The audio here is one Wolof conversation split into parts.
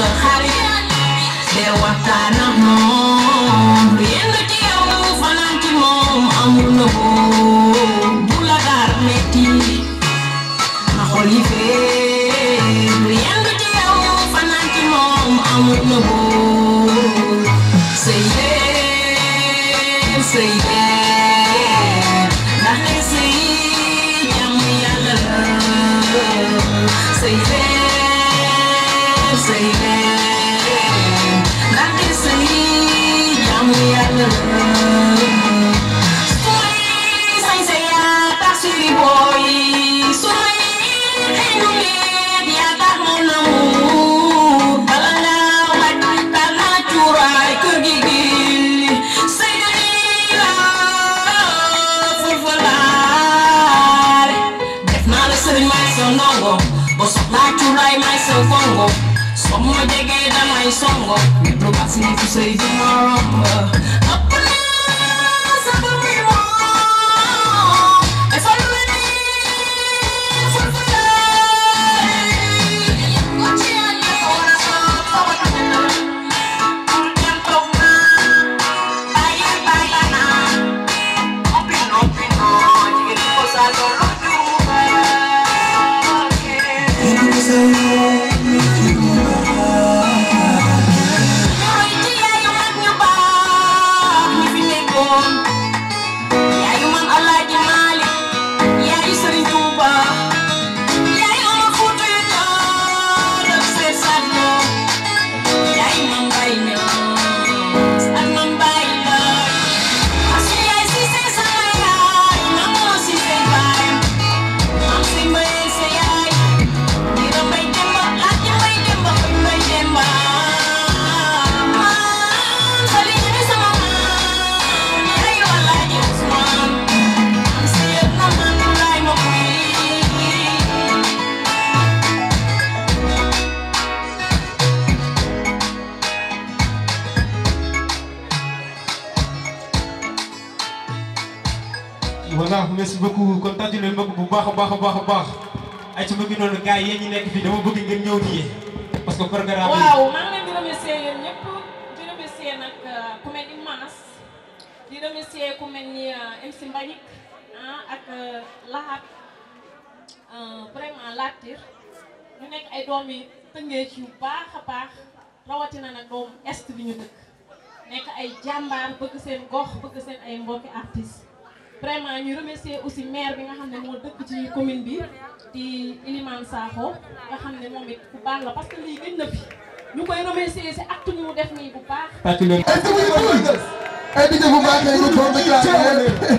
sa xarit te waxtaan ak moom lu yëngu ci yow fanaan ci moom amul na ko bu la dara metti na xol yi feer lu yëngu ci yow fanaan ci moom amul na ko say tomorrow. Uh. baax a baax a baax ay ci mu ngi noonu gars yi ñu nekk fii dama bëgg ngeen ñëw di parce que programme waaw maa ngi leen di remercier yéen ñëpp di nag euh, ku euh, ah, ak euh, Lahat vraiment nekk ay doom yi tëngee ci yu baax a baax rawatina nag doomu est bi ñu dëkk nekk ay jàmbaar bëgg seen gox bëgg seen ay mbokki artiste vraiment ñu remercier aussi maire bi nga xam ne moo dëkk ci commune bi di Ilimane Sakho nga xam ne moom it bu baax la parce que lii gën na fi ñu koy remercier si acte ñu def nii bu baax. ay dëgg bu baax ay dëgg bu baax ay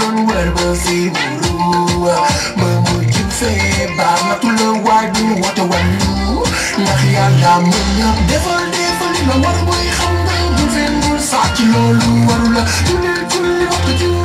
dëgg bu baax see baal ma tulloog waay bu ñu woote wàllu ndax yàlla mën na defal defal li la war mooy xam nga bu fenn sax ci loolu waru la du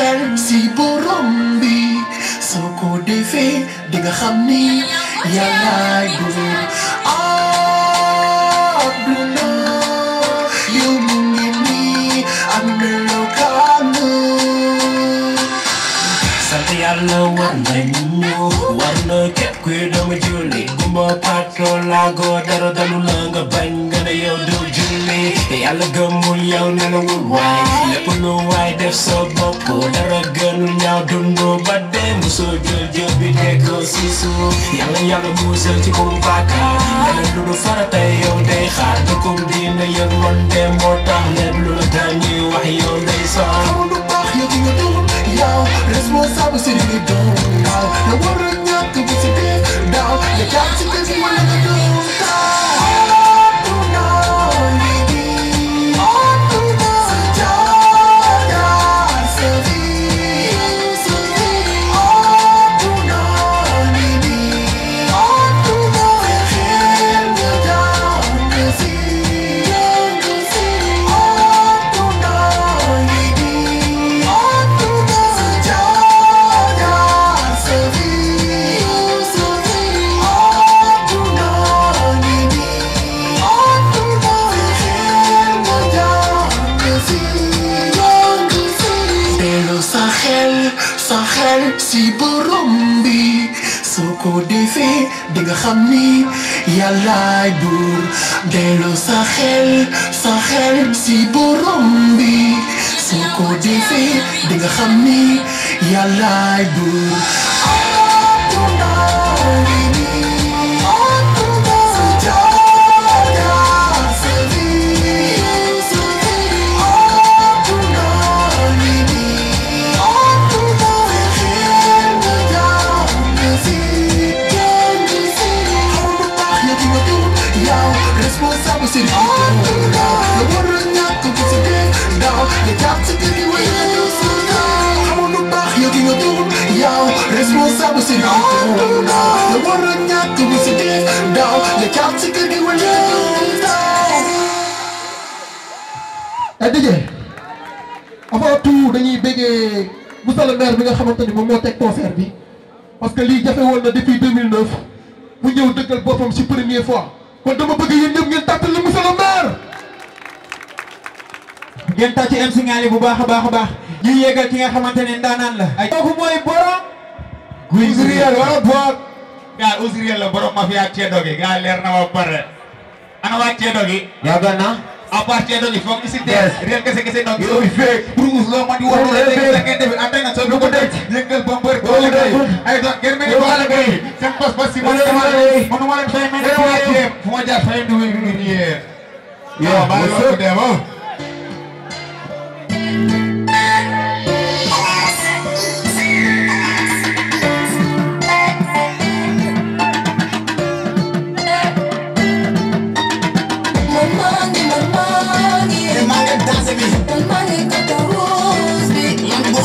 xel si borom soo ko defee di nga xam ni yàllaay buur àdduna yow mu ngi nii am melokaanu sant yàlla war nañu war na képp kuy doomu julli gumba pato laago dara dalu la nga nga ne yow waay te yàlla gëmul yow nelawul waay lépp lu waay def soo bopp dara gënul ñaaw dundu ba dee musoo jël jël bi nekkoo si suuf yàlla yàlla musal ci kum bàkkaar yàlla lu du faratay yow day xaar dëkkum diina yëg mën de moo tax lépp lu dañuy wax yow day soxal xamul lu baax yow di nga doon yow responsable si di doon naaw la war a ñàkk bi si dee daaw nga jàpp si dëkk wala nga doon nga xam ni yàllaay buur delloo sa xel sa xel si borom bi soo ko defee di nga xam ni yàllaay buur She on the love, no wonder I'm not gonna get you back down. You got to give me what you do so now. I want to back you, you do, yo. Responsible, she on the love, no wonder I'm not gonna get you back down. You got to give me what you do now. Hey, DJ. avant tout dañuy béggee monsieur le maire bi nga xamante ni moom moo teg concert bi parce que lii jafe woon na depuis 2009 mu ñëw dëggal boppam si première fois. kon dama bëgg yéen ñëpp ngeen tàttali monsieur le maire. ngeen tàcc MC Ngaly bu baax a baax a baax ñuy yéegal ki nga xamante ne ndaanaan la. ay kooku mooy borom. guy Ousriel wala boog. gaa Ousriel la borom mafia Ceddo gi gaa leer na wa pare. ana waa Ceddo gi. yaa gën na. apartient ɗon il faut isidde ren gese gese ɗon yo feek pour uslomadi woɗoɗeɗeɗeɗeɗe antena so ɗoko dej yengel bombori ɗolegay ay ɗon germeni ɗolegay sen bos bossi mono waɗa fay men poitie foma ja fayde wiwiwiye yo mbaɗa woɗude mo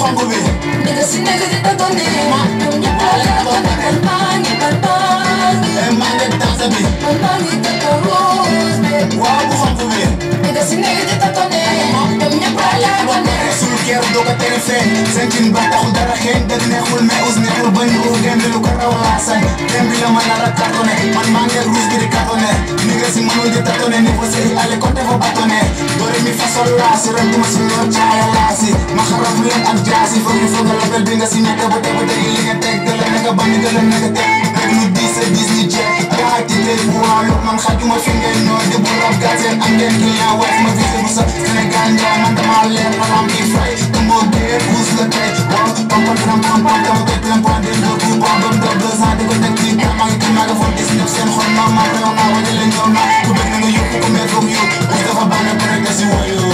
xonk bi dëgg si nekk di tagone ma ñoom ñëpp la tagone maa ngi tatoos maa ngi danse bi maa ngi tatoos waaw bu xonk bi dëgg si nekk di tagone ma ñoom ñëpp la tagone ceeb doo ko tere feeñ seen cin ba taxul dara xeeñ da neexul mais us neexul bañ uur dem bi lu ko raw laasañ dem bi la ma nar a cartonné man maa ngi ruus gi di cartonné ni nga si mënul di tâtonné ni fa sëy ale ko dafa bâtonné bëri mi façon laasi ren duma si loo caaya ma xaraf leen ak jaasi foog ñu foog a label nga si nekk ba teg ba teg li nga teg gëlëm nga bañ gëlëm nga teg dégg lu diis a diis ni jaay daa tigéey bu man xajuma fi ngeen ñoo di bu rab gazet am ngeen client waaye ma visé bu sa Sénégal njaay man dama leer ma am i fay tumboo géer puus la tey waaw pampal gram pampal dama koy plein point de deux coups boo bam doo deux ans di ko maa dama leen ñoom naa ku bëgg na nga yóbbu ko mais foog yóbbu bu dafa bànne rek si woyoo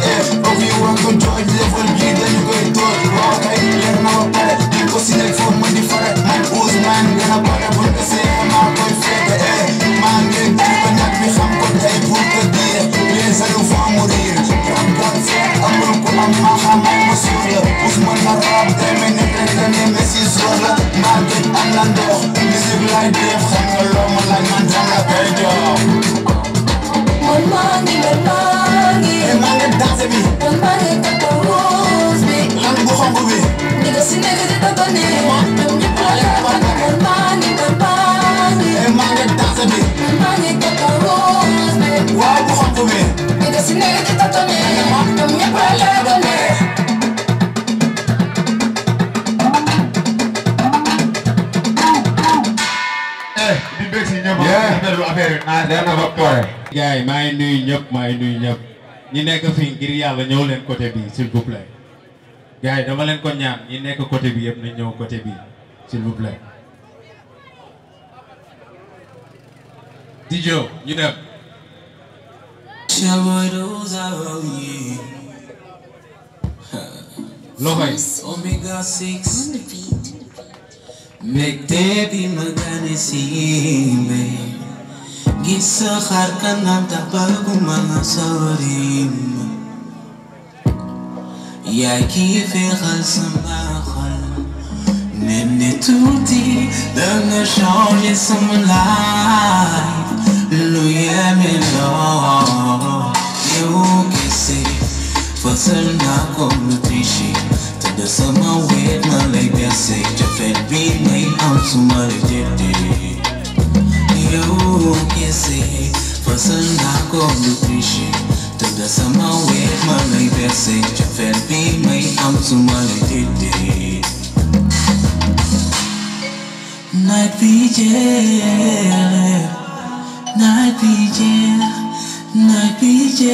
bi téléphone bii dañu koy tóor waaw kay leer na ba pare di ko si nekk foofu ma di faral man Ousmane gën a pare bu ñu ko see maa koy feete eh maa ngi leen ko ñàkk bi xam ko tey pour que dire les jaloux vont mourir ram bon seet amul ku am maa xam ay ma suur la Ousmane na rab deme ne tënk ne Messi suur la maa gëj am na ndox musique laay def xam nga loo ma laaj man jam la koy jox man maa ngi leen and maa ngi danse bi. man maa ngi takk rose bi. lan bu xonk bi. ñu ngi si nekk di dogane. ñoom ñëpp la la man maa ngi campagne bi. et maa ngi danse bi. man maa ngi takk rose bi. waaw bu xonk bi. ñu ngi si nekk di dogane. ñoom ñëpp la la dogane. di bëgg si ñëpp. affaire bi naa leen a ba pare. gars yi maa ngi nuyu ñëpp maa ngi nuyu ñëpp. ñi nekk fii ngir yàlla ñëw leen côté bi s'il vous plaît gars yi leen ko ñaan ñi nekk côté bi yëpp nañ ñëw côté bi s'il Dijo ñu dem loxo yi omega six make there be gis sa xar kanam tax bëgguma sori ma yaa kii feexal sama xol nem ne tuuti danga changer sama life lu yeme lool yow kese fasal naa ko lu triché te de sama ma lay berse cofet bi may am suma la jëndee Kese Fosal nako nutrishi Tanda sama wek malay verse Chafel bi may am sumalay tete Night vigil Night vigil Night vigil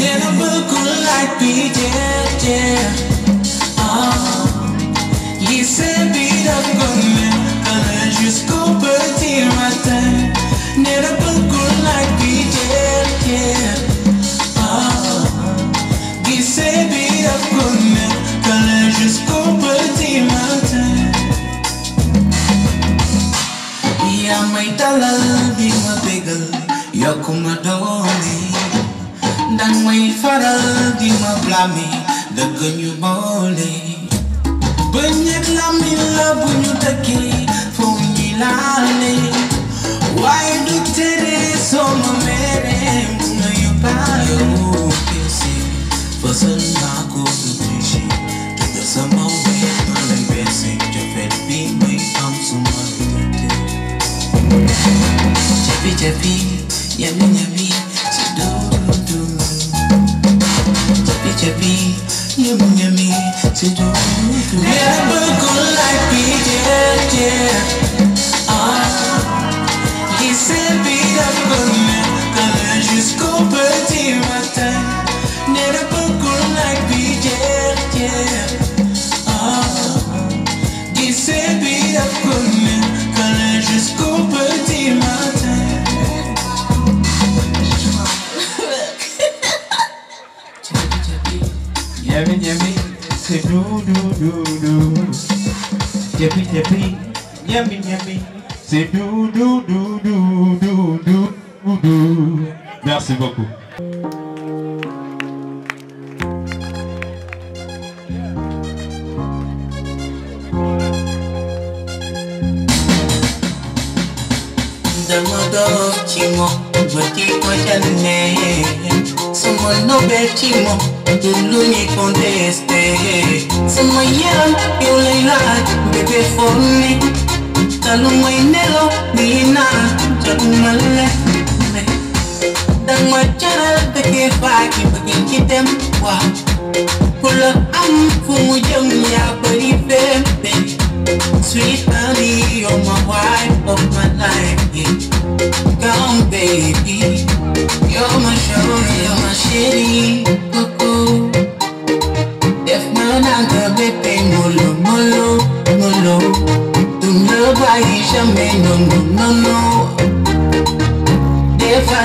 Nena bëggul night vigil Yeah Oh Lise bi daf gomel dalal di ma bégal yokku ma doole dang may faral di ma blâme dëgg ñu boole bëñeek làmmiñ la bu ñu dëkkee laale waaye du tere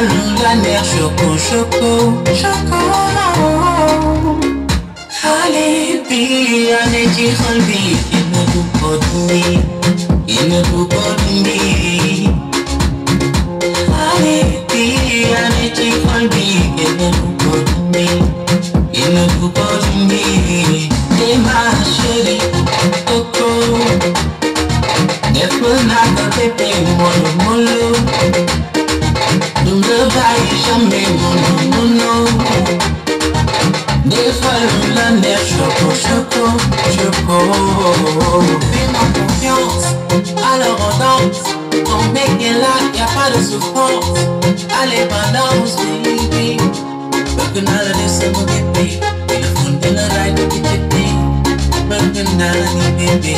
Alou la mer choco choco chocolat Halibi aneji halbi inubu kodumi inubu kodumi Halibi aneji halbi inubu kodumi inubu kodumi Dema shiri koko Nefuna kapepe molo molo daal jamais mënu mënoo des fois lu la neex choco choco choco fais-moi confiance alors on danse ton mec est là y a pas de souffrance allez balance baby bëgg naa la def sama bébé téléphone bi la raay di jëndi bëgg naa la ni bébé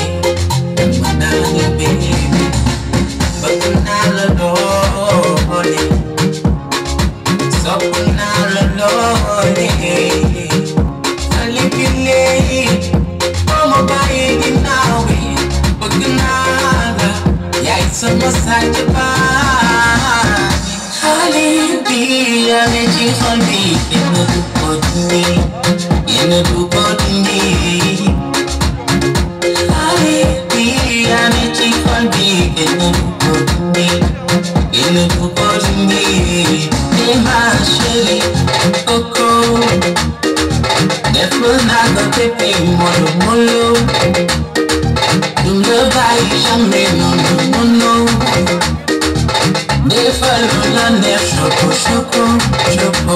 bëgg naa la ni bébé bëgg naa la doole sama saaj baa xale bi yaa ngi ci xol bi yenn du ko dindi yenn du ko dindi xale bi yaa ngi ci xol bi yenn du ko dindi yenn du ko dindi ne maa chéri koko def naa ko pepe molo molo du la bàyyi jamais noonu la neige, choco, choco, choco.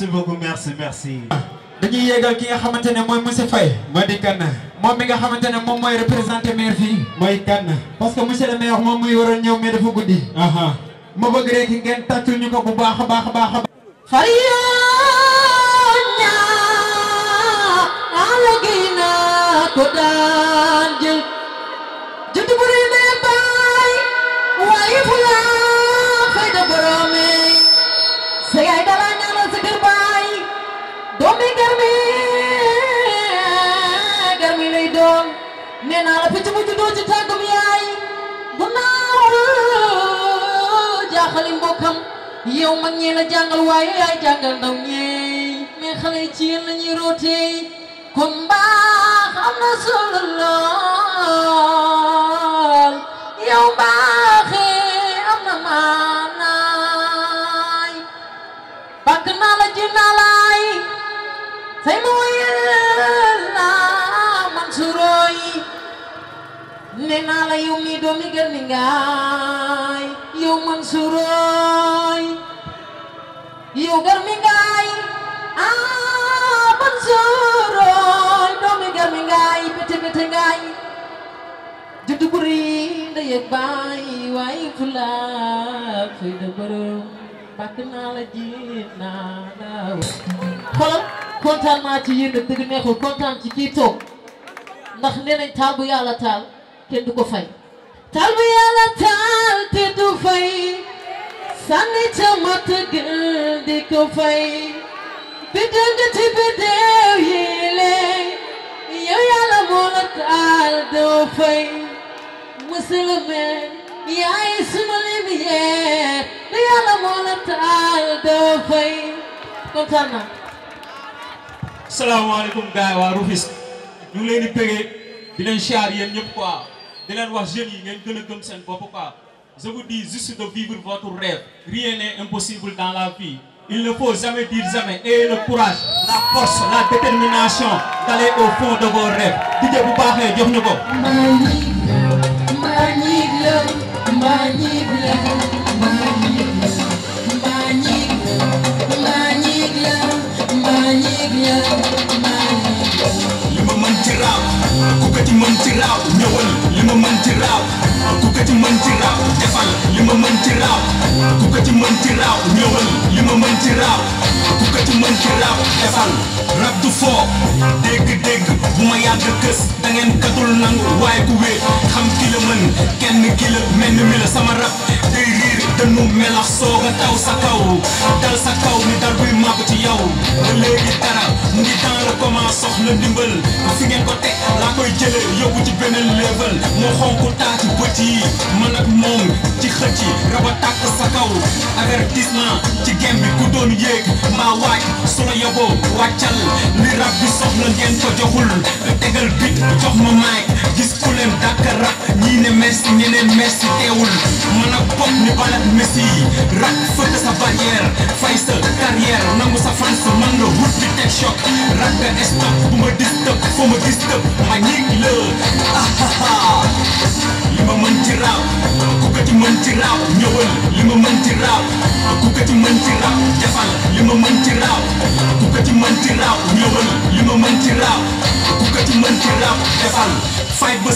merci beaucoup merci merci. dañuy yéegal ki nga xamante ne mooy monsieur Faye. moo di kan. moom mi nga xamante ne moom mooy représenté maire fii. kan. parce que monsieur le maire moom muy waroon ñëw mais dafa guddi. ma bëgg rek ngeen tàccul ñu ko bu baax a baax a baax a baax. fayoon ñaa ala naa ko daan jël. jënd bu rëy na waaye fu laa fay da boromee. moom mi garmi garmi lay a nee naa la picc mu juddoo ci tàggum yaay bu naaw jaaxali mbokkam yow mag ñee la waaye yaay jàngal ndaw ñee mais xale yi ci yéen la am na solo lool yow mbaaxee am na maanaay ji say ma woyal naa mansurooy ne naa la yow mi doomi gën ni ngaay yow mansurooy yow aa mansurooy doomi gër mi ngaay bete bete ngaay juddu buri nda yeg baay waaye fulaak fay bakk naa la kontaan naa ci yéen dëgg neexul kontaan ci kii ndax nee taal bu yàlla taal kenn du ko fay taal bu yàlla taal te du fay sànni ca mat gën di ko fay bi dëgg ci biddeew yi lay yow yàlla moo la taal doo fay musulmé yaay dafay kontaan naa. salaamaaleykum gars yi waa Rufisque ñu ngi leen di pégee di leen siyaar yéen ñëpp di leen wax jeunes yi ngeen gën a gëm seen bopp quoi je vous dis juste de vivre votre rêve rien impossible dans la vie il ne faut jamais dire jamais ayez le courage la détermination d'aller au fond de vos rêves DJ bu baaxee jox ñu ko. maa ngi leen li ma mën ci raaw ku ko ci mën ci raaw ñëwal li ma mën ci raaw ku ko ci mën ci raaw defal li ma mën ci raaw ku ko ci mën ci raaw ñëwal li ma mën ci raaw ku ko ci mën ci raaw defal rab du foo dégg-dégg bu ma yàgg kës katul nangu waaye ku wéet xam ki mën kenn ki la mi la sama rab dënnu melax soog taw sa kaw dal sa kaw ni dal buy màbb ci yow ba léegi dara mu ngi dans le comment soxla ndimbal fi ngeen ko teg laa koy jëlee yóbbu ci beneen level moo xonku taa ci bët yi man ak moom ci xëcc raba tàkk sa kaw avertissement ci gem bi ku doon yéeg mbaa waaj su la yoboo wàccal li rab bi soxla ngeen ko joxul tegal bit jox ma maay gis ku leen dàkk rab ñii ne merci ñeneen merci teewul man ak bopp ni balat Messi rak fëkk sa barrière fay sa carrière nangu sa France man la di teg choc rak nga stop bu ma dis tëb foo ma dis tëb ma ñig la ah li ma li ma mën ci raaw ku ko ci mën ci raaw ma mën ci raaw ku ko ci mën ci raaw ñëwal li ma mën ci fay ba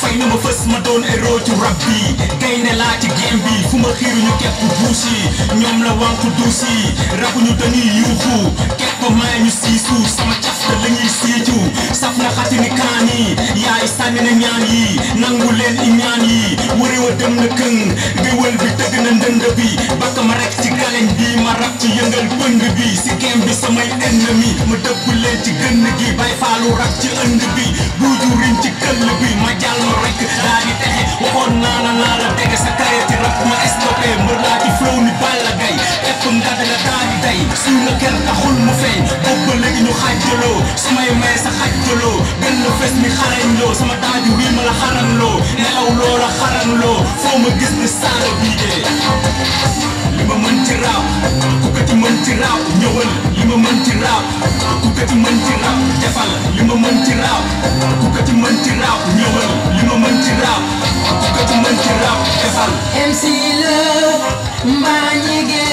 fay na ma fës ma doon héros ci rab bi kay ne laa ci game bi fu ma xiiru ñu kepp buus yi ñoom la wànq duus yi rabuñu dañuy yuuxu kepp maa ñu siisu sama cafta la ñuy siicu saf na xati ni yaay sànni ñaan yi nangu leen i ñaan yi wëri wa na kër dëng géwël bi tëgg na ndënd bi bakk ma rek ci galeñ bi ma rab ci yëngal pëng bi si game bi samay ennemi ma dëpp leen ci gënn gi bay faalu rab ci ënd bi buuju ci këll bi ma jàll rek daa di texe waxoon naa la naa la tege sa kaya ci rab ma stoppé mbër laa ci flow ni Balla Gaye yàqum dada la taari sa loo sama taaju gis ni saara bii dee li ma ku ko ci mën ci li ma mën ci raaw ku ko ci mën ci raaw defal li ma mën Mbanyige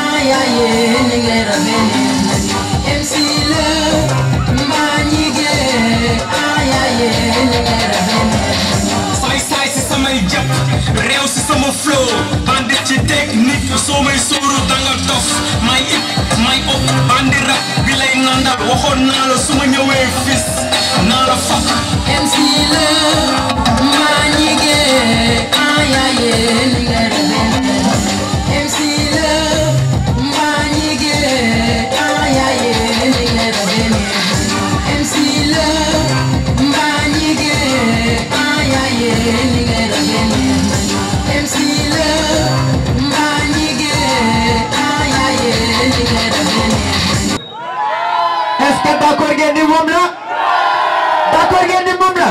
ayaye ningera mene MC le Mbanyige si samay jàpp réew si sama flow bandi ci technique soo may sóoru danga may ip may op bandi rap bi lay nandal waxoon naa la ñëwee fis naa la fap MC le Mbanyige ayaye ningera mene ngeen ni moom la d'accord ngeen ni moom la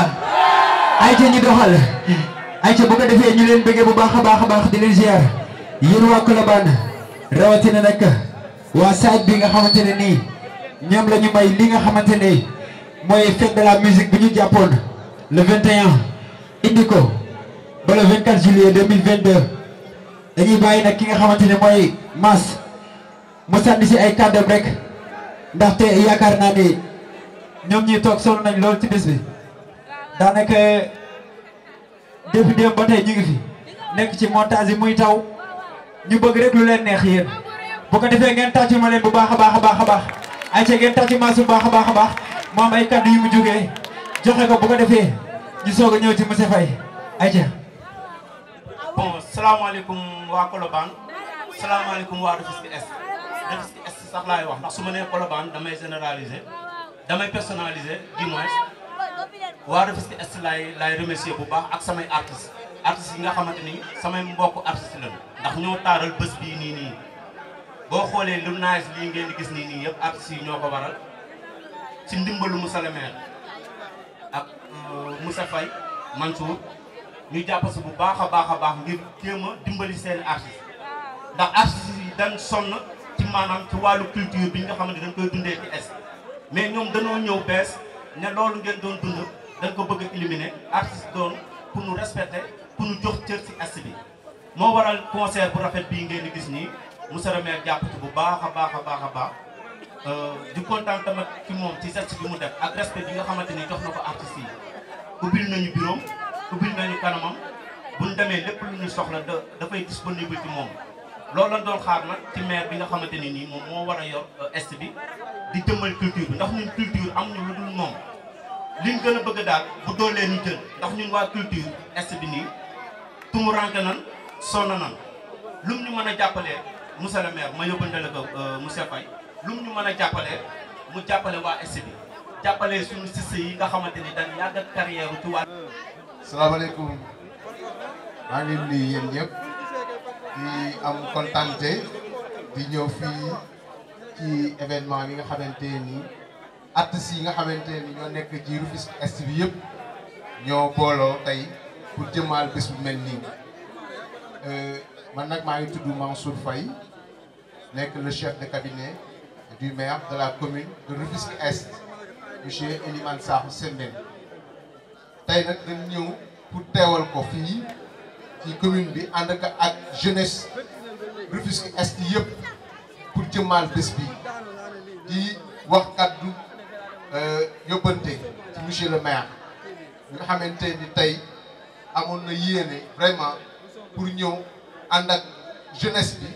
ay ca ñu doxal ay ca bu ko defee ñu leen bëggee bu baax a baax a baax di leen ziar yéen waa rawatina nag waa saaj bi nga xamante ne nii ñoom lañu ñu may li nga xamante ne mooy fête de la musique bi ñu jàppoon le 21 indi ko ba le 24 juillet 2022 dañuy bàyyi nag ki nga xamante ni mooy Mass mu sànni si ay kàddoom rek ndaxte yaakaar naa ne ñoom ñi toog sonn nañ lool ci bis bi daanaka depuis démb ba tey ñu ngi fi nekk ci montage yi muy taw ñu bëgg rek lu leen neex yéen bu ko defee ngeen tàccu ma leen bu baax a baax a baax a baax ay ca ngeen tàccu ma su baax a baax baax mu am ay kaddu yu mu jógee joxe ko bu ko defee ñu soog a ñëw ci monsieur Faye ay ca bon salaamaaleykum waa Colobane salaamaaleykum waa Rufisque Est Est sax wax ndax su ma nee Colobane damay généraliser damay personnaliser du moins waa Rufisque Est laay laay remercier bu baax ak samay artistes artistes yi nga xamante ni samay mbokku artistes lañu ndax ñoo taaral bés bii nii nii boo xoolee lu naaj lii ngeen gis nii nii yëpp artistes yi ñoo ko waral ci ndimbalu Moussa le maire ak euh, Moussa Faye Mansour ñu jàpp si bu baax a baax a baax ngir jéem a dimbali seen artistes ndax artistes yi dañ sonn ci maanaam ci wàllu culture bi nga xamante dañ koy dundee ci Est mais ñoom dañoo ñëw bees ne loolu ngeen doon dund dañ ko bëgg a éliminer artiste doon pour ñu respecter pour ñu jox cër ci artiste bi moo waral concert bu rafet bii ngeen di gis nii monsieur le maire jàpp bu baax a baax a baax a baax euh, di kontaan tama ci moom ci geste bi mu def ak respect bi nga xamante ni jox na ko artistes yi ubbil nañu bureau ubbil nañu kanamam buñ demee lépp lu ñu soxla da dafay disponible ci moom lool lañ doon xaar na ci maire bi nga xamante ni nii moom moo war a yor euh, est bi di jëmmal culture bi ndax ñun culture amuñu lu dul moom liñ gën bëgg daal bu doolee ñu jël ndax ñun waa culture est bi nii tumuranke nan sonn nan lum ñu mën a jàppalee monsieur le maire ma yóbbandale ko euh, monsieur Faye lum ñu mën a jàppale mu jàppale waa est bi jàppalee suñu siste yi nga xamante ni dañ yàgg carrière ci wàll. salaamaaleykum maa ngi nuyu yéen ñuy am kontante di ñëw fii ci événement bi nga xamante ni at yi nga xamante ni ñoo nekk ci Rufisque Est bi yëpp ñoo booloo tey pour jëmaal bés bu mel nii euh, man nag maa ngi tudd Mansour nekk le chef de cabinet du maire de la commune de Rufisque Est monsieur Elimane Sakho Sembène tey nag dañ ñëw pour teewal ko fii ci commune bi ànd ak ak jeunesse Rufisque Est yëpp pour jëmmaal bés bi di wax kàddu euh, yóbbante ci monsieur le maire bi nga xamante ni tey amoon na yéene vraiment pour ñëw ànd ak jeunesse bi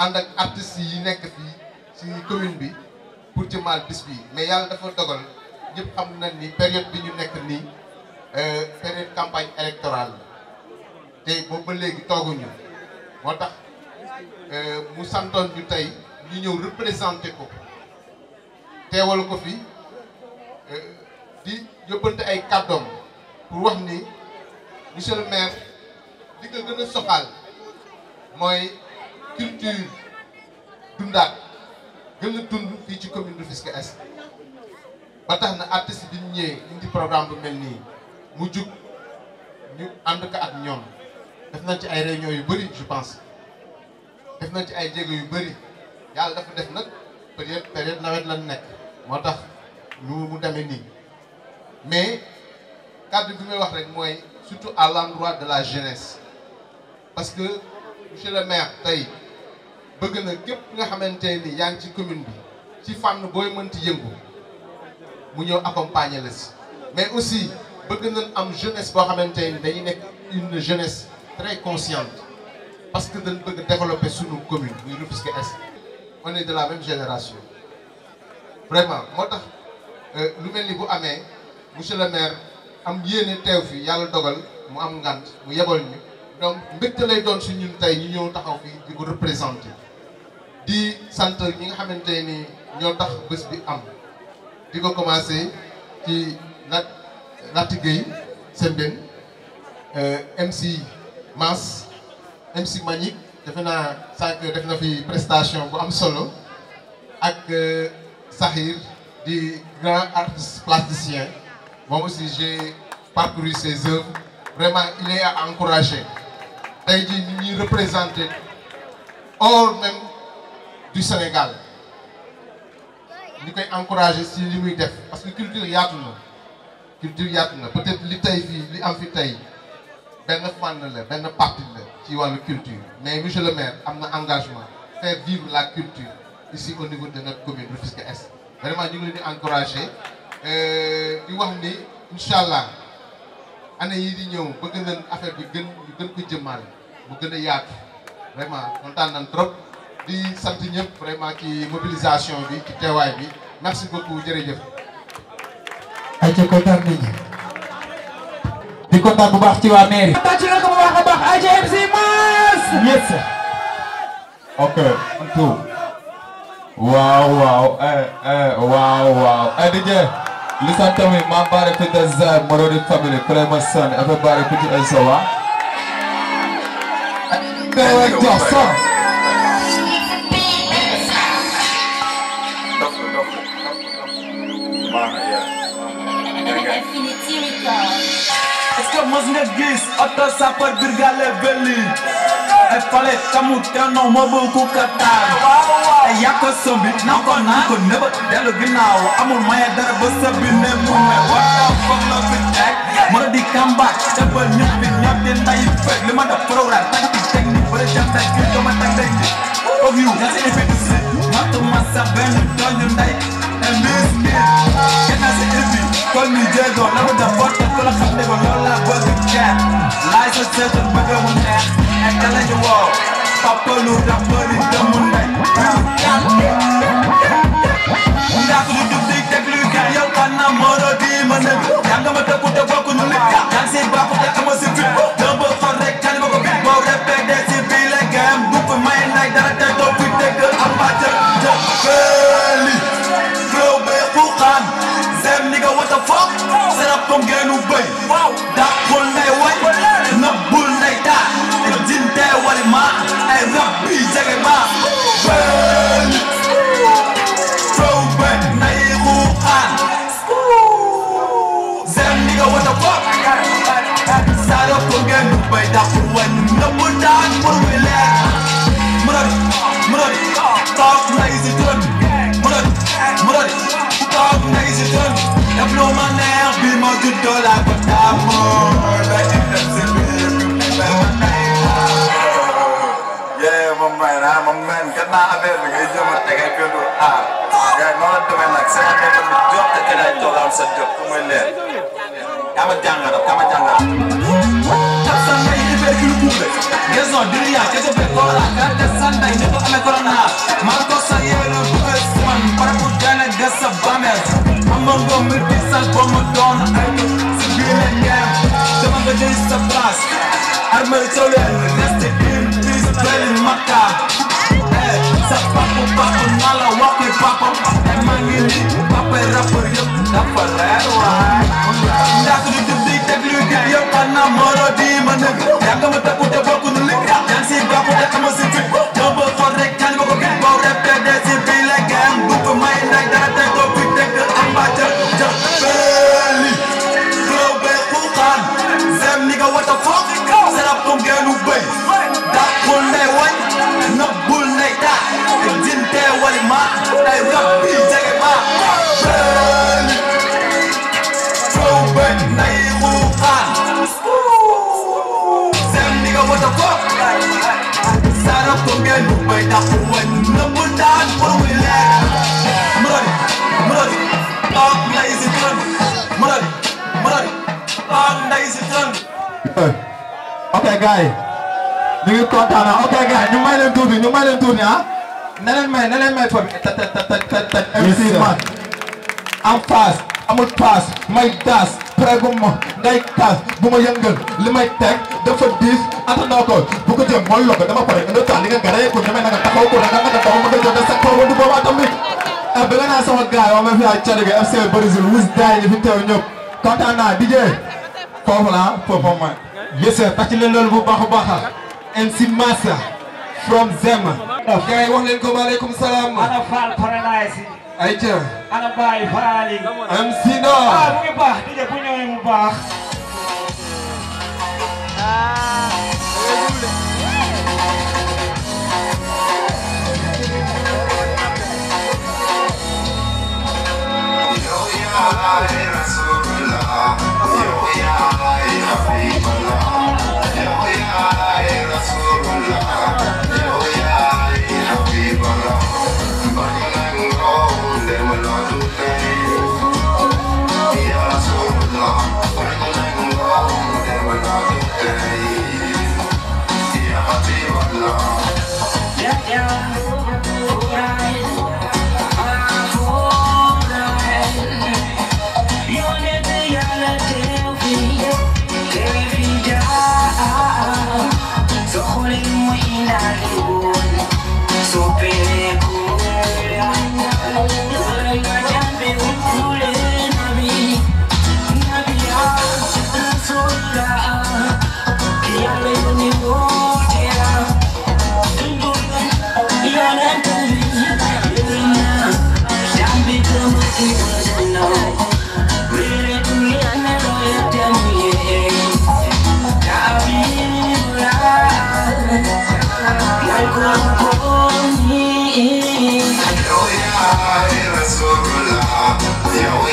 ànd ak artistes yi nekk fii ci commune bi pour jëmmaal bés bi mais yàlla dafa dogal ñëpp xam nañ ni période bi ñu nekk nii euh, période campagne électorale tey boobu ba léegi tooguñu moo tax euh, mu santoon ñu tey ñu ñëw représenté ko teewal ko fi euh, di yóbbante ay kàddoom pour wax ni monsieur le maire li nga gën mooy culture dundaat gën a dund fii ci commune Rufisque Est ba tax na artiste bi ñu ñëwee indi programme bu mel nii mu jug ñu ànd ko ak ñoom def nañ ci ay réunion yu bëri je pense def nañ ci ay jéego yu bëri yàlla dafa def nag période période nawet lan nekk moo tax ñu mu demee nii mais kàddu bi may wax rek mooy surtout à l'endroit de la jeunesse parce que monsieur le maire tey bëgg na képp nga xamante ni yaa ngi ci commune bi ci fànn booy mënti yëngu mu ñëw accompagner la si mais aussi bëgg na am jeunesse boo xamante ni nekk une jeunesse très conscient parce que dañ bëgg développer suñu commune muy Rufisque Est on est de la même génération vraiment moo tax euh, lu mel ni bu amee monsieur le maire am yéene teew fi yàlla dogal mu am ngant mu yebal ñu donc mbégte lay doon si ñun tey ñu ñoo taxaw fii di ko représenté di sant yi nga xamante ni ñoo tax bés bi am di ko commencé ci nat Nati Gueye Sembène euh, MC Mass MC Manick defe naa sànq def na fi prestation bu am solo ak euh, Sahir di grand artiste plasticien moom aussi j'ai parcouru vraiment il est à encourager tey jii ñu ñuy représenter hors même du Sénégal ñu koy encourager si li muy def parce que culture yaatu na culture yaatu na peut-être li tey fii li am fi tey benn fànn la benn partie la ci wàllu culture mais monsieur le maire am na engagement faire vivre la culture si au niveau de notre commune Rufisque Est vraiment ñu ngi leen di encourager euh, di wax ni incha allah année yi di ñëw bëgg nañ affaire bi gën gën ko jëmmal bu gën a vraiment kontaan nañ trop di sant ñëpp vraiment ci mobilisation bi ci teewaay bi merci beaucoup jërëjëf. ayca kontaan nañu. di kontaan bu baax ci waa mairie. tàcc na ko bu baax a baax AJMC Mass. yes. ok on tout. waaw waaw eh, eh, waaw waaw eh, DJ li sant tamit maa baare fi des Marodi family Clément Sane affaire baare fi ci El Sowa. mës nga gis oto sapeur birgale veli e fale tamu teno mobu ku kataan e yaa ko sombi naa ko naa ko nëba dellu ginnaaw amul maye dara ba sëbbi ne mu ne waaw foog na fi di kambaat dafa ñëpp bi ñëpp di nday fekk li ma def programme tag di technique bëri jam si ifi di si matuma sa benn doñu embrace me get naa si indi kon na ma def bottal ku la xam ne ko loolu laa bëgg cat laay sa seetal bëgg mu neex nekk lañu woo papa lu rappeur yi demu ndey ndax mu jub di déglu kat yow kan na moro di ma nëg yaa nga ma tëggu te bokk ñu nit yaa ngi si baaxu te amoo si fit dëmb xor rek tani ma ko bit boo répété si bii la gaam bu ko may ndey ko ngeenu bëy dàqul nay way nëbbul nay taa e jintee wali maa ay rab bi jege maa bën sow bën nay ruuxaan zem ni nga wata ko saaro ko ngeenu bëy dàqul way nëbbul daan pour wi leer mënat mënat toog nay si tën mënat mënat toog nay si tën def loo man mo juddoo laa ko taamoo yee moom may naa moom man gën naa affaire bi ngay jéem a teg ay pédo aar yaay noonu la demee nag sa affaire tamit jox te teel ay tool am sa jox fu muy leer kama jàngal kama jàngal tasa mbay di béy kii lu kuube gestion duniya kese béy koola karte sanday ni ko amee corona Ay ma sole reste in peace deli makka eh, sa papa papa naa la wax ki papa ay maa ngi ni papa eh, e rappeur yëpp dafa leer waay ndax du jub di teg luy gis yëpp xam moro di ma nëgg yaa nga ma takku te bokku nu li yaa si bàkku e te ama si fit doo ko gis boo répété si bii la gaam du ko may ndax dara teg ko moom geenu bëy dàqul ndey wañ nëbbul ndey taa jintee wali maa ay rab bi jege maa bël sow bëy nay ruuxaan seen ni nga wata ko saara ko geenu bëy dàqul wañ gars yi ñu ngi kontaan ah, ok gars yi ñu may leen tuuti may leen ah. na leen may na leen may foofu ta ta ta ta ta MC man am paas amul paas may taas prégum ma ngay taas bu ma yëngal li may teg dafa diis attanoo ko bu ko jëm mooy loko dama pare nga taal li nga garee ko damay nanga taxaw ko danga nanga taxaw ma nga jot sa kaw du boobaa tamit ah eh, bëgg naa sama gars yi ma fi ay cari bi FC Brésil wis daay ni fi teew ñëpp kontaan naa DJ foofu Yes sir tàcc leen loolu bu baax a baax MC Massa from Zem gars yi wax leen ko maaleykum salaam ana Fall Paradise ayca ana Baye Fall MC No ah mu ngi baax DJ bu ñëwee mu baax ah. Attention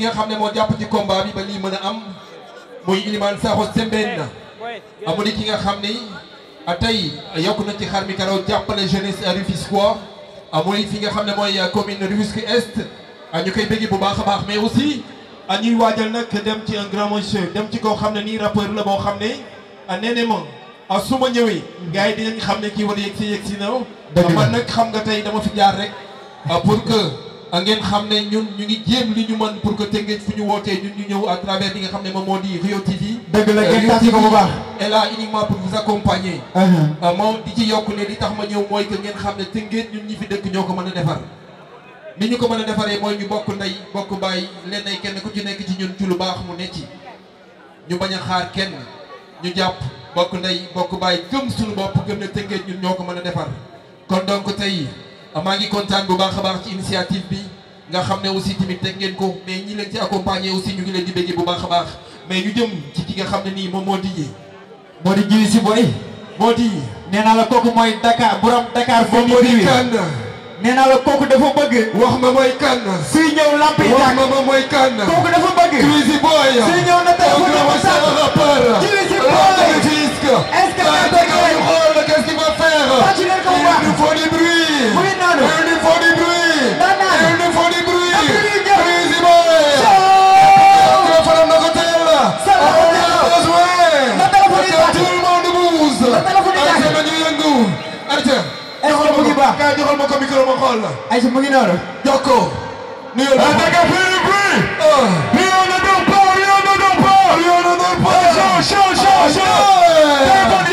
ki nga xam ne moo jàpp ci combat bi ba lii mën a am muy Ilimane Sakho Sembène eh, amu ni ki nga xam ni tey yokk na ci xar mi karaw jàppale jeunesse Rufisquois amuy fi nga xam ne mooy commune Rufisque Est ñu koy bëgg bu baax a baax mais aussi a ñuy waajal nag dem ci un grand monsieur dem ci koo xam ne nii rappeur la boo xam ne nee ne ma ah su ma ñëwee gars yi dinañ xam ne kii war a yegg si yegg si na man nag xam nga tey dama fi jaar rek pour que a ngeen xam ne ñun ñu ngi jéem li ñu mën pour que Tëngéej fu ñu wootee ñun ñu ñëw à travers li nga xam ne moom moo di Rio TV. dëgg la euh, ngeen tàcc ko bu baax est là uniquement pour euh, di ne li tax ma ñëw mooy que ngeen xam ne Tëngéej ñun ñu fi dëkk ñoo ko mën a defar. li ñu ko mën a defaree mooy ñu bokk ndey bokk bàyyi lenn kenn ku ci nekk ci ñun ci lu baax mu ne ci ñu bañ a xaar kenn ñu jàpp bokk ndey bokk baay gëm suñu bopp gëm ne Tëngéej ñun ñoo ko mën a defar kon donc tey Ah, maa ngi kontaan bu baax a baax ci initiative bi nga xam ne aussi tamit teg ngeen ko mais ñi leen ci accompagner aussi ñu ngi leen di béggee bu baax a baax mais ñu jëm ci ki nga xam ne nii moom moo di moo di jili si boy moo di nee naa la kooku mooy Dakar borom Dakar fo moo di kan nee naa la kooku dafa bëgg. wax ma mooy kan. suy ñëw lamp yi wax ma mooy kan. kooku dafa bëgg. Crazy Boy. suy ñëw na tey fu ne mu tàkk Crazy Boy. est-ce que da nga koy xool qu'est-ce qu'il va faire. il faut du bruit. muy Moussa. gars joxal ma ko micro ma xool la. ayca mu ngi noonu. jox ko. nuyoo la ma ko bi. Lyon ne dort pas Lyon ne dort pas. Lyon ne dort pas.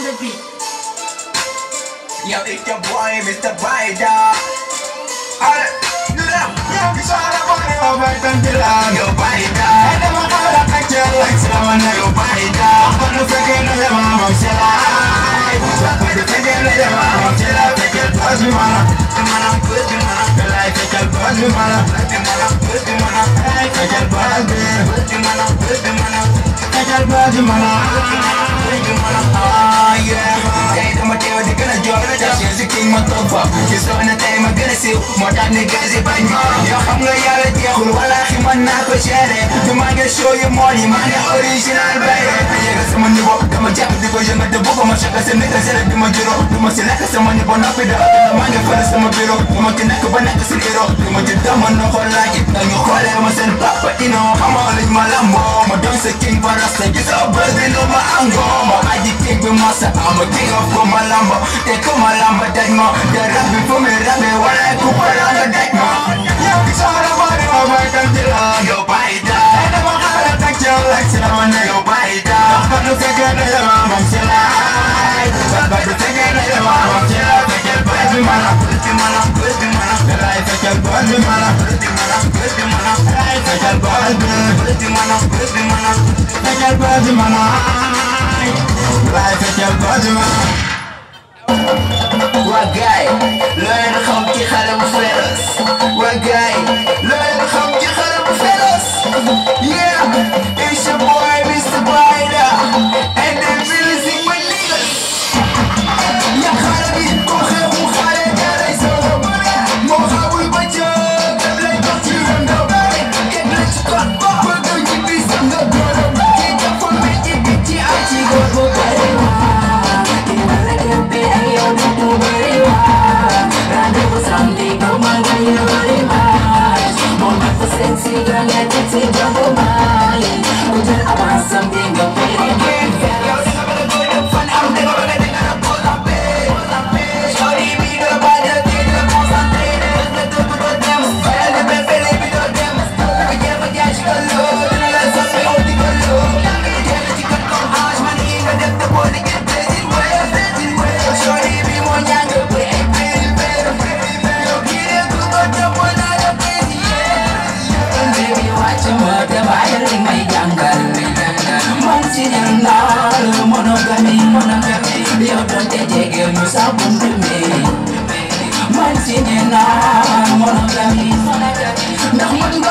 on the beat. Yo, it's your boy, Mr. Bida. Alright, do them. Yeah, we saw the body of my pendula. Yo, Bida. I never thought I'd catch you like someone like you, Bida. I'm gonna freaking know your mama, Shella. I'm gonna freaking know your mama, Shella. Take your trust, you wanna. You wanna put your mama, feel like it. moo tax ne gaz yi bañ yoo xam nga yàlla jeexul wallaahi mën naa ko gérer du maa ngi show yu mool yi maa ngi original bay yéega sama niveau dama jàpp di ko yëngate bu ko ma chaque seen nekk seen di ma juróom du ma si lekk sama niveau noppi da maa ngi fële sama bureau du ma ci nekk ba nekk si bureau li ma jël dama na ko laaj it dañu xoolee ma seen papa inoo xamoo liñ ma lamboo ma doon sa king ba rasta gis a bëri lu ma angoo ma aji king bi ma sa ama king of ko ma lamba te ko ma lamba daj ma te rab bi fu muy rabe wala ku ko langa daj ma yow ki soxla bari ma may dem ci la yow bàyyi daa te dama xaaral tak ci yow lak si dama ne yow bàyyi daa ba du fekkee ne dama ma ci laaj ba du fekkee ne dama ma ci laaj Birthday mana, birthday mana, birthday mana. Life is a birthday mana, birthday mana, birthday mana. Life is a birthday, birthday mana, birthday mana. Life is a birthday mana. Life is a birthday mana. Waa gaay loo leen xam ci xale bu féroce. Waa gaay loo leen xam ci xale bu féroce. Yeah, it's your boy Mr. Bider. sabun bilme man sinena monogami ndax man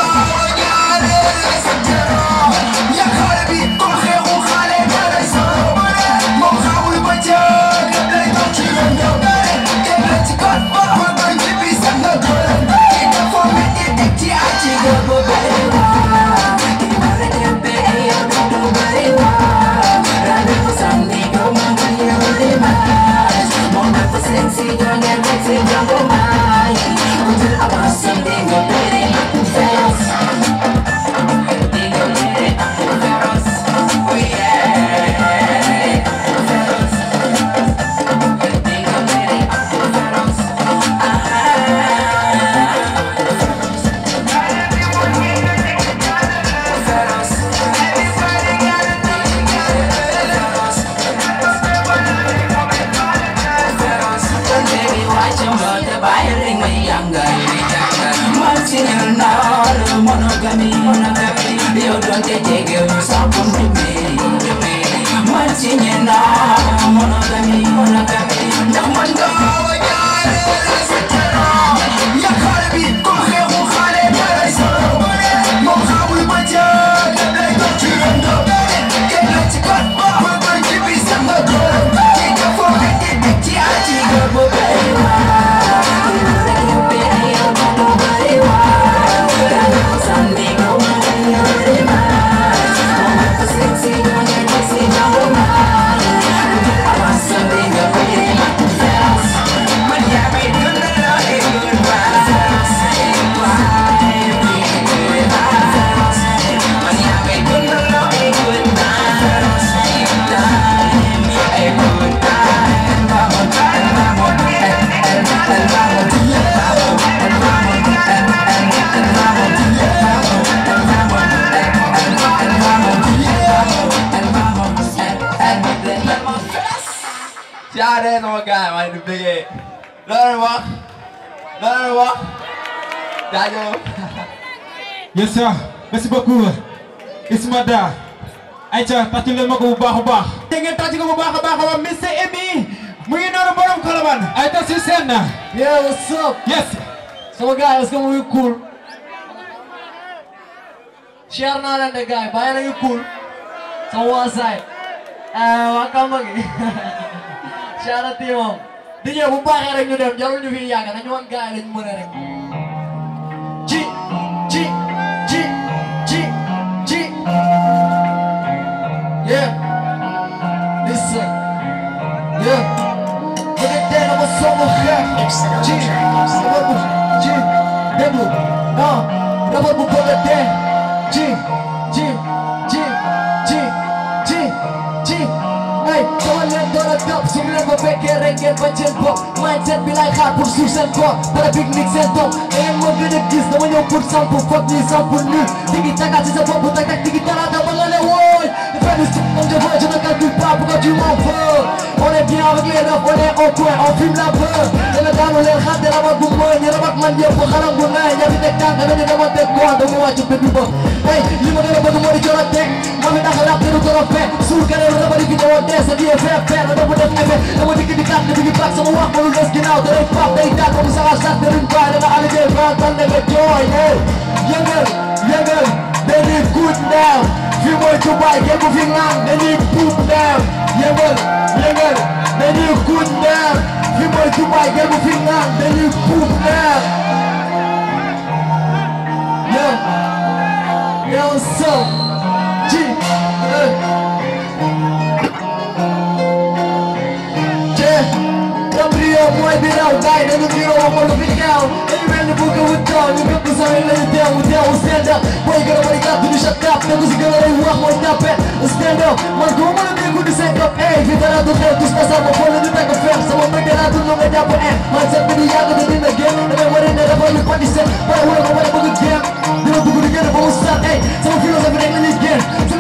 Brenda, mono de mi con la Aïcha merci beaucoup Ismada Aïcha tàcc leen ma ko bu baax a baax. te ngeen tàcc ko bu baax a baax a baax monsieur Emi mu ngi noonu borom Colobane. Aïcha si seen. yeah what's up. yes. sama gars est-ce que mu ngi cool. cher naa leen de gars yi bàyyi nañu cool. sama waa Saay. Eh, waa Kamba gi. cher na téye moom. di ñëw bu baaxee rek ñu dem jarul ñu fi yàgg nañu wan gars yi lañu mën a rek. Yeah. Listen. Yeah. Conectando uma som no rap. De. Vamos. De. Demo. Não. Não vamos poder ter. De. De. De. De. De. De. Ei. Tô olhando a top. Sobre a bobe que reggae vai ter pop. Mindset be like hard. Por sucesso pop. Para big nicks and top. Em uma vida que diz. Não é um porção. Por foto. Visão. Por nu. Tiki-taka. Diz a bom. Puta-taka. Tiki-taka. Da balada. Uau. fait du son, on devrait, je ne calcule pas pourquoi tu m'en veux On est bien avec les neufs, on est au coin, on fume la peur Te la daanu leen xaar te rabat bu mooy ñu rabat man yëpp xarangu naay ña fi teg tànk nga ñu demoon teg quoi dama wàcc bépp ba Hey, li ma gën a bëgg moo di coro teg ma fi tax a laaj te du goro fekk suul kere lu dama dikki ñëwoon dee sa biir fer fer la dama def effet dama dikki di kàtt bi ngi baax sama wax ma lu des ginnaaw te day paap day tàkk mu saxaar sax te duñ bàyyi da nga allégé ba tan da nga jooy hey yëngal yëngal dañuy good down fi mooy Dubaay képp fi ngaan dañuy boom down yëngal yëngal dañuy good down fi mooy Dubaay képp fi ngaan dañuy boom down yow yow sow ji je Gabriel mooy bi raw gaay dañu niroo waxoon fi ñaaw Aynı bu kavutta Nöbet nazarıyla iddia Uddia o stand up Boy gotta wake up Dönüş atlat Ne kuzu göre eyvah Oynap et Stand up Marco umarım bir kulu sen kap Ey Veteran da dört Usta sarma Boyla dünden kafir Sama mekana Dönüm ne yapı en Mindset beni yakın Dedin de gel Ne ben varın Nere boyluk Bani sen Bana uğrama Bana bakın gel Dönüm bu kulu gene Boğuz sat Ey Sama filozofi Rengleniz gel Tüm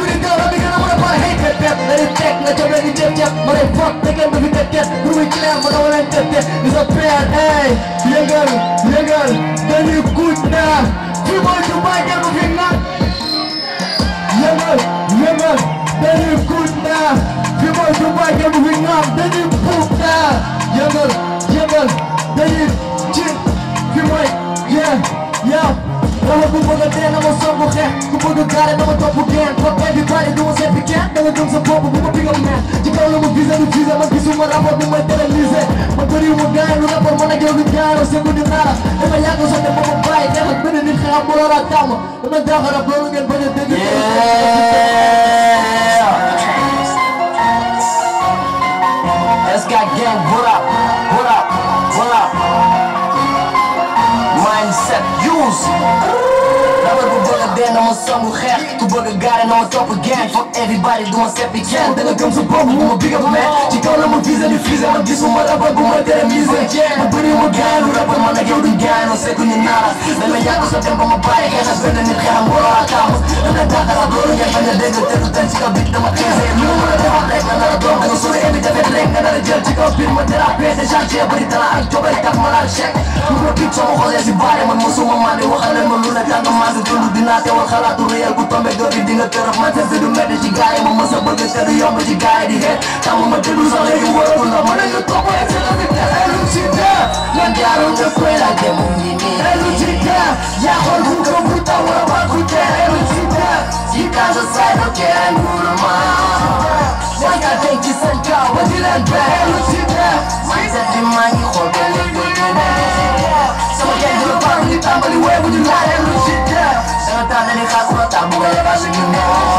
pep pep nga di teg nga cobe di jëf jëf ma di fokk te kenn du fi teg kenn bu muy clair ma dama leen teg teg di sa père hey yëngal yëngal dañuy gudd naa fi mooy du bàjje bu fi nag yëngal yëngal dañuy gudd naa fi mooy du bàjje bu fi nag dañuy buub naa yëngal yëngal dañuy ci fi mooy yeah yeah Loolu ku bëgg a tere na ma songu xeex ku bëgg a gaare na ma topp geen problème bi bari du ma seet bi kenn da nga gëm sa bopp bu ma pigal meen ci kaw la ma visé du visé man gisuma rapport bu may télévisé ma bëriwu ma gaay lu rapport man ak yow du jaaro sëngu di naara dama yàgg so ne ma ma bàyyi neexal benn nit xeexam bu loolu ak taama dama jaaxal loolu ngeen bañ a dégg 11. dama bëgg dëgg benn ma songu xeex ku bëgg gaare na ma topp gang fuck everybody du ma seppi kenn da nga gëm sa bopp mu ma big up man ci kaw la ma visé di frisé ma gisuma raba bu ma tere misé ma bëri ma gaay lu raba man ak yow duñ gaay no sekku ni naara dama yàgg sa dem ba ma bàyyi xeex ak benn nit xeexam waroo a taamu dama dàqa la loolu ngeen bañ a dégg tëdd tan ci kaw bit dama teesé lu ma la defal rek nga nar a doon danga sori émi defet rek nga nar a jël ci kaw biir ma dérapé déjà ci bëri tala ak jobal tax ma laal chèque lu ma picc sama xoolee si baare man mosuma maa di waxal ma lu la tànn maa xalaatu dund dinaa teewal xalaatu réel bu tombé doo di nga tërëf man sa du métti ci gaay yi ma mos a bëgg te du yomb ci gaay yi di xeet tamu ma déglu sax léegi wóorul na ma ne ñu topp excellence bi ay lu ci dee man jaarul nga koy laaj dem ni ni ay lu ci dee yaa xool bu ko bu taw wala ba ku dee ay lu ci dee ci kaasa saay do kenn mënu ma Why I think it's a job, what did I do? Hey, look at that. My set in my heart, I'm living in it. So I can't do the bottom, you can't believe where would you lie? I'm way of us in the world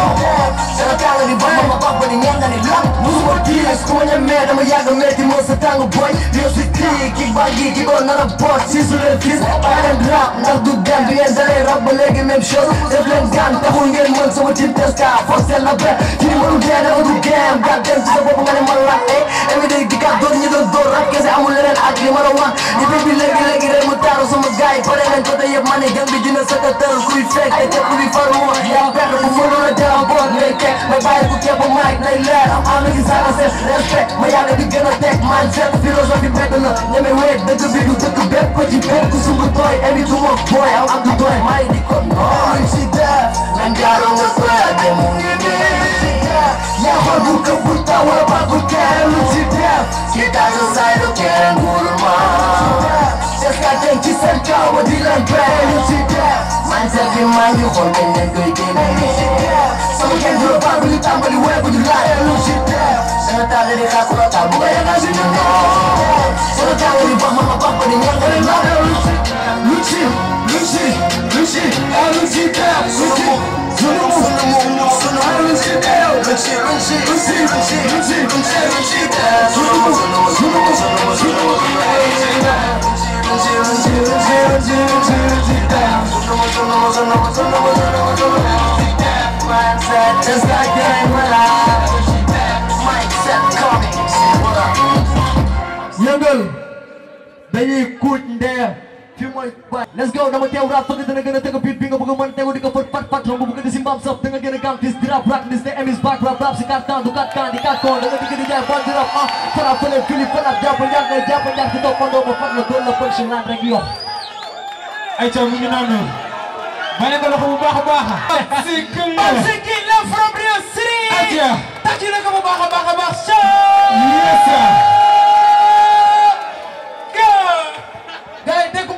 moo ma baax ba ni ñaan na ne lan musuma diis ku ma ñemee dama yàgg metti moo sa tàng boy di si tii ki baa gi ki ko nar a boot si su leen fis arène rap ndax du gan bi ngeen dalee rap ba léegi même chose def leen gan taxul ngeen mën sama team testa force la benn kii mënu dee dafa du game gàddeen si sa bopp nga ne ma la eh émi day dikkaat door ñi doon door rap kese amul leneen ak li ma la wax ñi bi léegi léegi rek mu taaru sama gars yi pare nañ ko te yëpp ma ne gan bi dina sa ka tëral kuy fekk te kuy faru ma yaa perte ku mënul a jëlaat boot ngay teg ma bàyyi ku ceeb ba maay day leer am am na ci saaka seen respect ma yàlla di gën a teg man seen philosophie bett na ñeme weet dëgg bi du dëkk bépp ci bépp sumb tooy emi du ma booy am ak du tooy maay di ko nooy si def man jaaro nga sooy dem ngi nii yaa fa bu këpp tawal ba bu kenn si def si daanu saay du kenn nguuru maa katen ci seen kaw di leen benn si def man seen fi maa ngi xool benn doy génn Soltare Lucifer Soltare de kakura tabura ya kazini Soltare de bama makwapa ni nyanga ni mara Lucifer Luci, Luci, Luci, Lucifer Luci, Zulumu, Zulumu, Zulumu Lucifer Luci, Luci, Luci, Luci, Luci, Luci, Lucifer Zulumu, Zulumu, Zulumu, Zulumu, Zulumu Luci, Luci, Luci, Luci, Luci, Lucifer Zulumu, Zulumu, Zulumu, Zulumu, Zulumu, Zulumu Lucifer Mindset just like you ain't realize yëngal dañuy kuuj ndeer fi mooy ba let's go dama teew raap fëgg dana gën a tëgg biit bi nga bëgg a mën tegu di ko fët pat pat romb bu ko di si mbaam saf da nga gën a gàm dis di rap rak dis ne emis baak rap rap si quatre temps du quatre temps di quatre temps da nga digg di jaay bon di rap ah fara fële fili fanaat jàpp njàng nga jàpp njàng di toppandoo ba fat la doon la punch laan rek yox ay ca mu ngi naan noonu bàyyi ko loxo bu baax a baax Sikki la from Real Street tàcc na ko bu baax a baax a baax gars yi dégg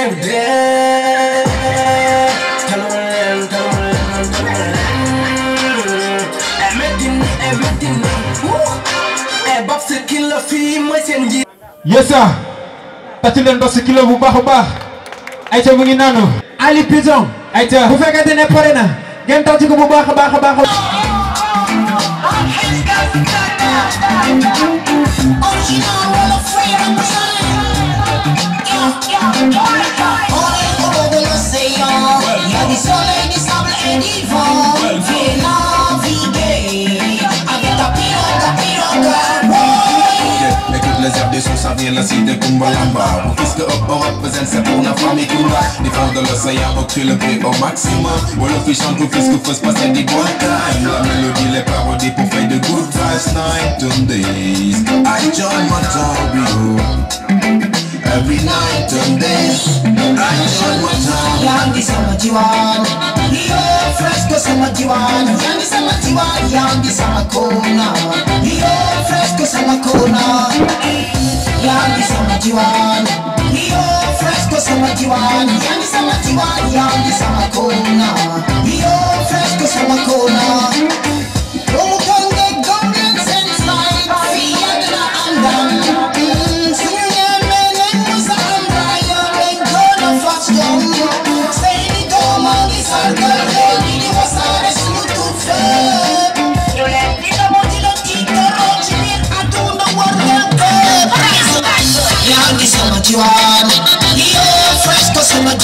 def dee tanuma leen tanuma leen tanuma leen e metti ni e metti ni e bab si kilo fii mooy seen njiit yesa tati leen dox si kilo bu baax a baax ayca mu ngi naanu Ali Pigeon ayca bu fekkente ne pare na ngeen tati ko bu baax a baax a baax Original, well afraid I'm trying. Yeah, yeah, yeah. les RD sont ça vient la cité Kumbalamba Pour qu'est-ce que Hop représente c'est pour la famille Kumba Les fonds de l'océan recruent le prix au maximum Wolof ils chantent pour qu'est-ce que faut se passer des good times La mélodie, les parodies pour faire de good vibes Night and days I join my Torbio Every night and days I join my Torbio Rio fresh ko sama jiwaan yaa ngi sama jiwaan yaa ngi sama kona Rio fresh ko sama kona yaa ngi sama jiwaan Rio fresh ko sama jiwaan yaa ngi sama jiwaan yaa ngi sama kona Rio fresh ko sama kona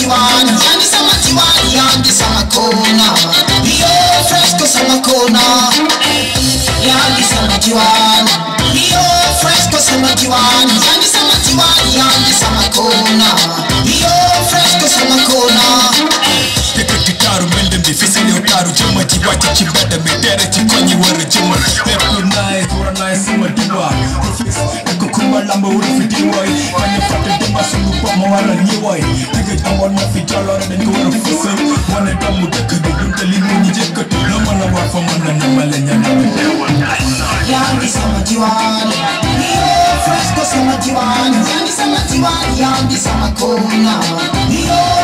samatiwani yani samatiwani yani samakona iyo fresco samakona yani samatiwani iyo fresco samatiwani yani samatiwani yani samakona iyo fresco samakona Tekatikaru mende mdifisi leo taru jama jiwachi chibada medere chikonyi wara jama Lepo nae, kura nae suma diwa Kufis, eko kuma lamba uri fidiwa Kanya fata ma suñu bopp ma waral ñi woy dëgg amoon na fi jaloore dañ ko war a fësal wane doomu dëkk bi dunte li nit ñi jëkkati la mën a war fa mën na nemale ñeneen bi yaa ngi sama diwaan fresh ko sama diwaan yaa ngi sama diwaan yaa ngi sama koona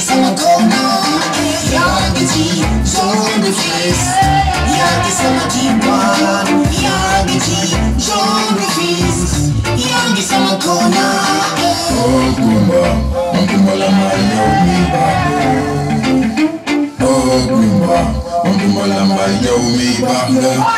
sama kona yaa ngi ci jaune fils yaa ngi sama diiwaan yaa ngi ci jaune fils yaa ngi sama kona oo Kumba Kumba la ma yow mi baax oo Kumba Kumba la ma yow mi baax